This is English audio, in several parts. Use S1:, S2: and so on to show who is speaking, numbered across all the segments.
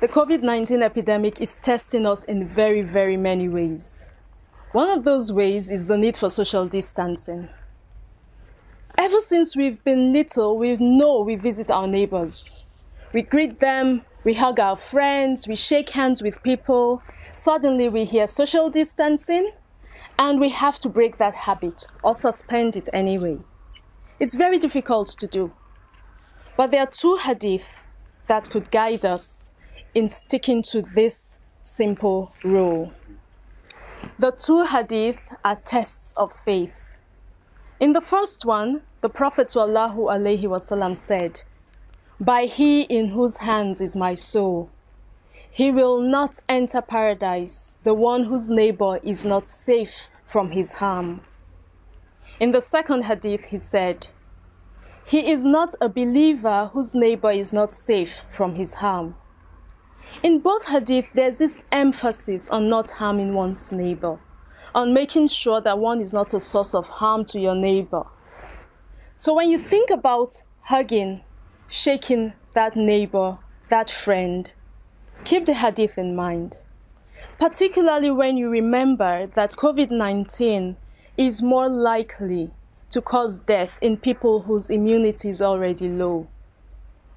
S1: The COVID 19 epidemic is testing us in very, very many ways. One of those ways is the need for social distancing. Ever since we've been little, we know we visit our neighbors. We greet them, we hug our friends, we shake hands with people. Suddenly, we hear social distancing, and we have to break that habit or suspend it anyway. It's very difficult to do. But there are two hadith that could guide us in sticking to this simple rule. The two hadith are tests of faith. In the first one, the Prophet wasallam said, By he in whose hands is my soul, he will not enter paradise, the one whose neighbor is not safe from his harm. In the second hadith, he said, He is not a believer whose neighbor is not safe from his harm. In both hadith, there's this emphasis on not harming one's neighbor, on making sure that one is not a source of harm to your neighbor. So when you think about hugging, shaking that neighbor, that friend, keep the hadith in mind. Particularly when you remember that COVID 19 is more likely to cause death in people whose immunity is already low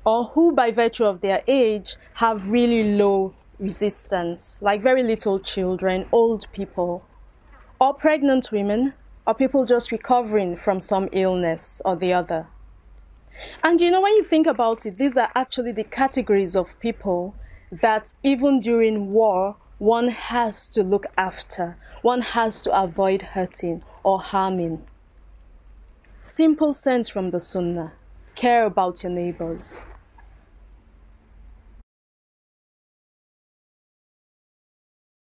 S1: or who, by virtue of their age, have really low resistance, like very little children, old people, or pregnant women, or people just recovering from some illness or the other. And you know, when you think about it, these are actually the categories of people that even during war, one has to look after, one has to avoid hurting or harming. Simple sense from the Sunnah care about your neighbors.